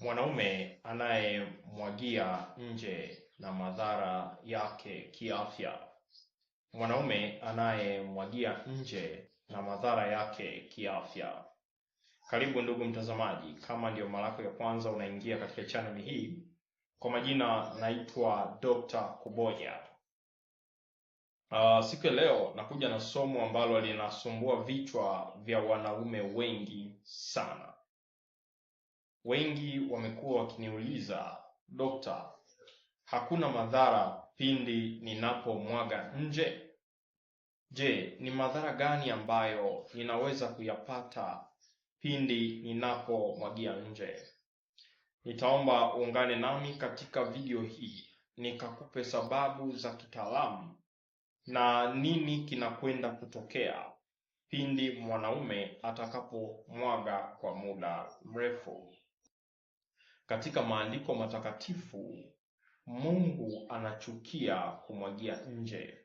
Mwanaume anayemwagia nje na madhara yake kiafya. Mwanaume anayemwagia nje na madhara yake kiafya. Karibu ndugu mtazamaji, kama ndiyo marako ya kwanza unaingia katika chaneli hii, kwa majina naitwa Dr. Kuboja. Uh, ah, siku ya leo nakuja na somo ambalo linasumbua vichwa vya wanaume wengi sana. Wengi wamekuwa wakiniuliza dokta, hakuna madhara pindi ninapomwaga nje? Je, ni madhara gani ambayo ninaweza kuyapata pindi ninapomwagia nje? Nitaomba uungane nami katika video hii nikakupe sababu za kitaalamu na nini kinakwenda kutokea pindi mwanaume atakapomwaga kwa muda mrefu. Katika maandiko matakatifu Mungu anachukia kumwagia nje.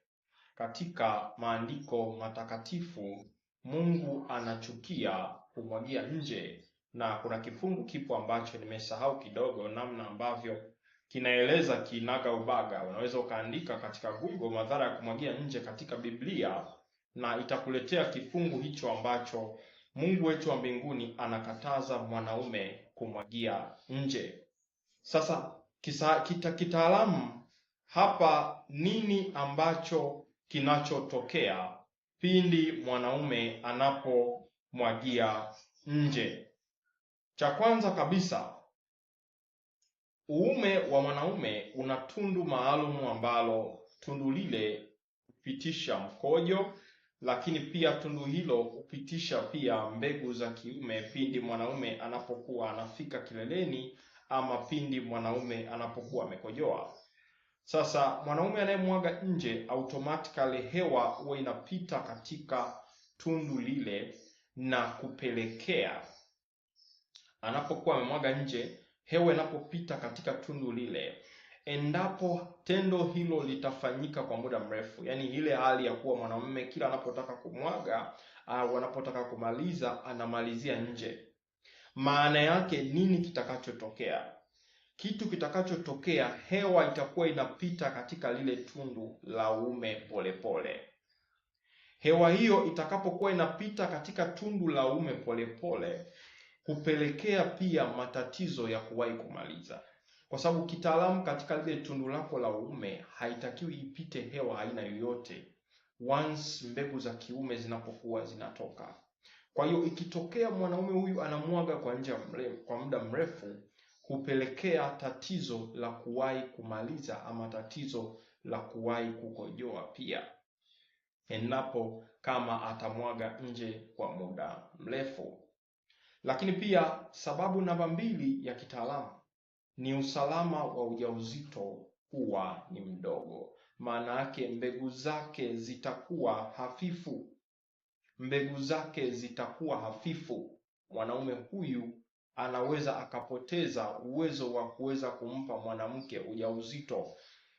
Katika maandiko matakatifu Mungu anachukia kumwagia nje, na kuna kifungu kipo ambacho nimesahau kidogo, namna ambavyo kinaeleza kinaga ubaga. Unaweza ukaandika katika Google madhara ya kumwagia nje katika Biblia na itakuletea kifungu hicho ambacho Mungu wetu wa mbinguni anakataza mwanaume kumwagia nje. Sasa kitaalamu kita, kitaalamu hapa nini ambacho kinachotokea pindi mwanaume anapomwagia nje? Cha kwanza kabisa, uume wa mwanaume una tundu maalumu ambalo tundu lile hupitisha mkojo lakini pia tundu hilo hupitisha pia mbegu za kiume pindi mwanaume anapokuwa anafika kileleni ama pindi mwanaume anapokuwa amekojoa. Sasa mwanaume anayemwaga nje, automatically hewa huwa inapita katika tundu lile na kupelekea anapokuwa amemwaga nje, hewa inapopita katika tundu lile endapo tendo hilo litafanyika kwa muda mrefu, yaani ile hali ya kuwa mwanamume kila anapotaka kumwaga au ah, anapotaka kumaliza anamalizia nje, maana yake nini kitakachotokea? Kitu kitakachotokea, hewa itakuwa inapita katika lile tundu la ume polepole pole. Hewa hiyo itakapokuwa inapita katika tundu la ume polepole pole, hupelekea pia matatizo ya kuwahi kumaliza kwa sababu kitaalamu katika lile tundu lako la uume haitakiwi ipite hewa aina yoyote once mbegu za kiume zinapokuwa zinatoka. Kwa hiyo ikitokea mwanaume huyu anamwaga kwa nje kwa muda mrefu, hupelekea tatizo la kuwahi kumaliza ama tatizo la kuwahi kukojoa pia, endapo kama atamwaga nje kwa muda mrefu. Lakini pia sababu namba mbili ya kitaalamu ni usalama wa ujauzito kuwa ni mdogo. Maana yake mbegu zake zitakuwa hafifu, mbegu zake zitakuwa hafifu. Mwanaume huyu anaweza akapoteza uwezo wa kuweza kumpa mwanamke ujauzito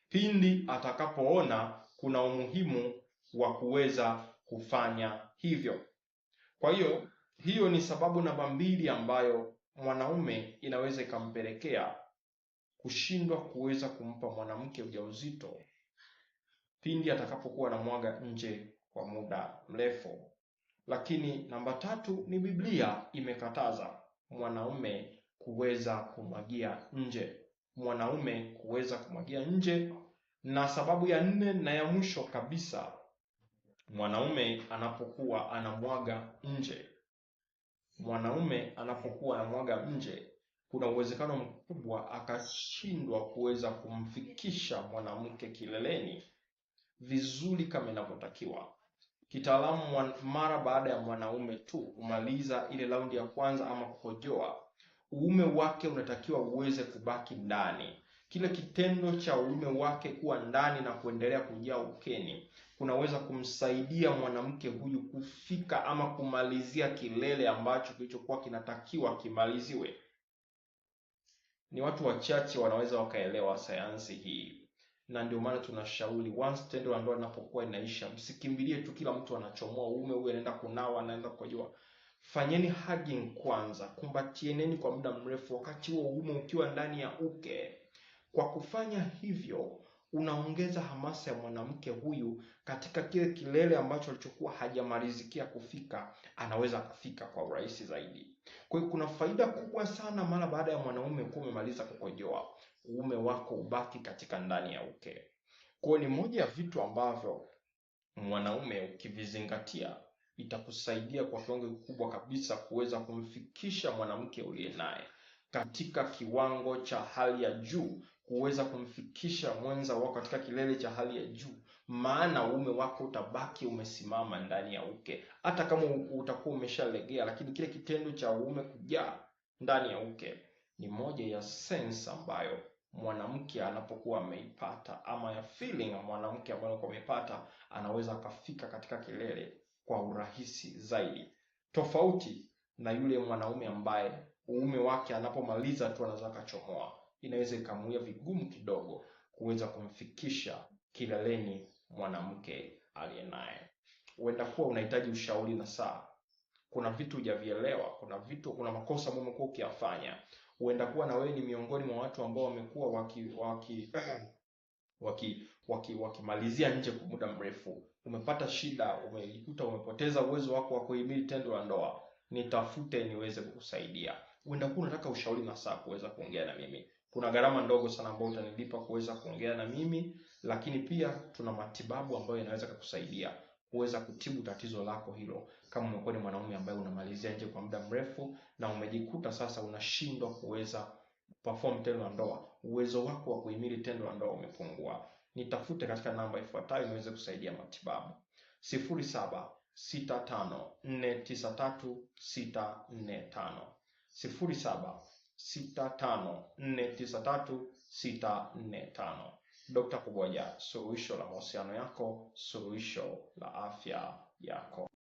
pindi atakapoona kuna umuhimu wa kuweza kufanya hivyo. Kwa hiyo hiyo ni sababu namba mbili ambayo mwanaume inaweza ikampelekea kushindwa kuweza kumpa mwanamke ujauzito pindi atakapokuwa na mwaga nje kwa muda mrefu. Lakini namba tatu ni Biblia imekataza mwanaume kuweza kumwagia nje, mwanaume kuweza kumwagia nje. Na sababu ya nne na ya mwisho kabisa, mwanaume anapokuwa anamwaga nje, mwanaume anapokuwa anamwaga nje kuna uwezekano mkubwa akashindwa kuweza kumfikisha mwanamke kileleni vizuri kama inavyotakiwa. Kitaalamu, mara baada ya mwanaume tu kumaliza ile raundi ya kwanza ama kukojoa, uume wake unatakiwa uweze kubaki ndani. Kile kitendo cha uume wake kuwa ndani na kuendelea kujaa ukeni kunaweza kumsaidia mwanamke huyu kufika ama kumalizia kilele ambacho kilichokuwa kinatakiwa kimaliziwe ni watu wachache wanaweza wakaelewa sayansi hii, na ndio maana tunashauri once tendo la ndoa linapokuwa inaisha, msikimbilie tu kila mtu anachomoa uume, huyu anaenda kunawa, anaenda kujua Fanyeni hugging kwanza, kumbatieneni kwa muda mrefu, wakati huo uume ukiwa ndani ya uke. Kwa kufanya hivyo unaongeza hamasa ya mwanamke huyu katika kile kilele ambacho alichokuwa hajamalizikia kufika, anaweza akafika kwa urahisi zaidi. Kwa hiyo kuna faida kubwa sana mara baada ya mwanaume kuwa umemaliza kukojoa, uume wako ubaki katika ndani ya uke. Kwa hiyo ni moja ya vitu ambavyo mwanaume ukivizingatia itakusaidia kwa kiwango kikubwa kabisa kuweza kumfikisha mwanamke uliye naye katika kiwango cha hali ya juu kuweza kumfikisha mwenza wako katika kilele cha hali ya juu, maana uume wako utabaki umesimama ndani ya uke, hata kama utakuwa umeshalegea, lakini kile kitendo cha uume kujaa ndani ya uke ni moja ya sense ambayo mwanamke anapokuwa ameipata ama ya feeling ya mwanamke ambayo amepata anaweza akafika katika kilele kwa urahisi zaidi, tofauti na yule mwanaume ambaye uume wake anapomaliza tu anaweza akachomoa inaweza ikamuia vigumu kidogo kuweza kumfikisha kileleni mwanamke aliye naye. Huenda kuwa unahitaji ushauri na saa, kuna vitu hujavielewa, kuna vitu, kuna makosa ambayo umekuwa ukiyafanya. Huenda kuwa na wewe ni miongoni mwa watu ambao wamekuwa waki, waki waki waki wakimalizia nje kwa muda mrefu, umepata shida, umejikuta umepoteza uwezo wako wa kuhimili tendo la ndoa, nitafute niweze kukusaidia. Huenda kuwa unataka ushauri na saa kuweza kuongea na mimi kuna gharama ndogo sana ambayo utanilipa kuweza kuongea na mimi, lakini pia tuna matibabu ambayo yanaweza kukusaidia kuweza kutibu tatizo lako hilo. Kama umekuwa ni mwanaume ambaye unamalizia nje kwa muda mrefu na umejikuta sasa unashindwa kuweza perform tendo la ndoa, uwezo wako wa kuhimili tendo la ndoa umepungua, nitafute katika namba ifuatayo niweze kusaidia matibabu: sifuri sifuri saba sita tano nne Dr. Kuboja, suluhisho la mahusiano yako, suluhisho la afya yako.